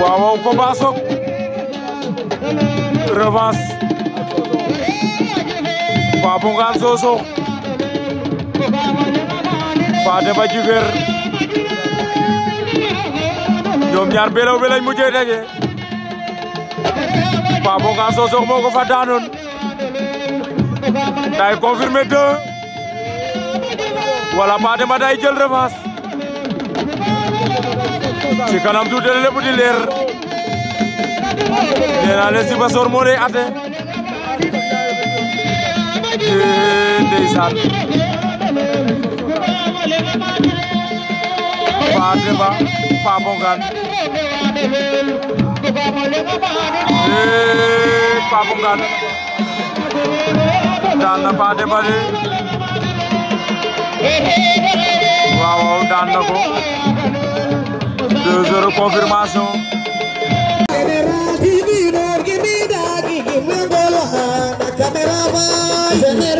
waaw waaw Copa Sock revanche Pape Ngane Sosokh Pape Demba ñaar belaw bi mujjee daje Pape Ngane Sosokh fa daanoon day confirmer deux wala Pape Demba day jël revanche ci kanam tuuti la lépp di leer nee naa leen Sibassor moo lay atte ndeysaan Paa Demba Paa Bongaan Paa Bongaan daan na Paa Demba de waaw waaw daan na ko deux heures confirmation Général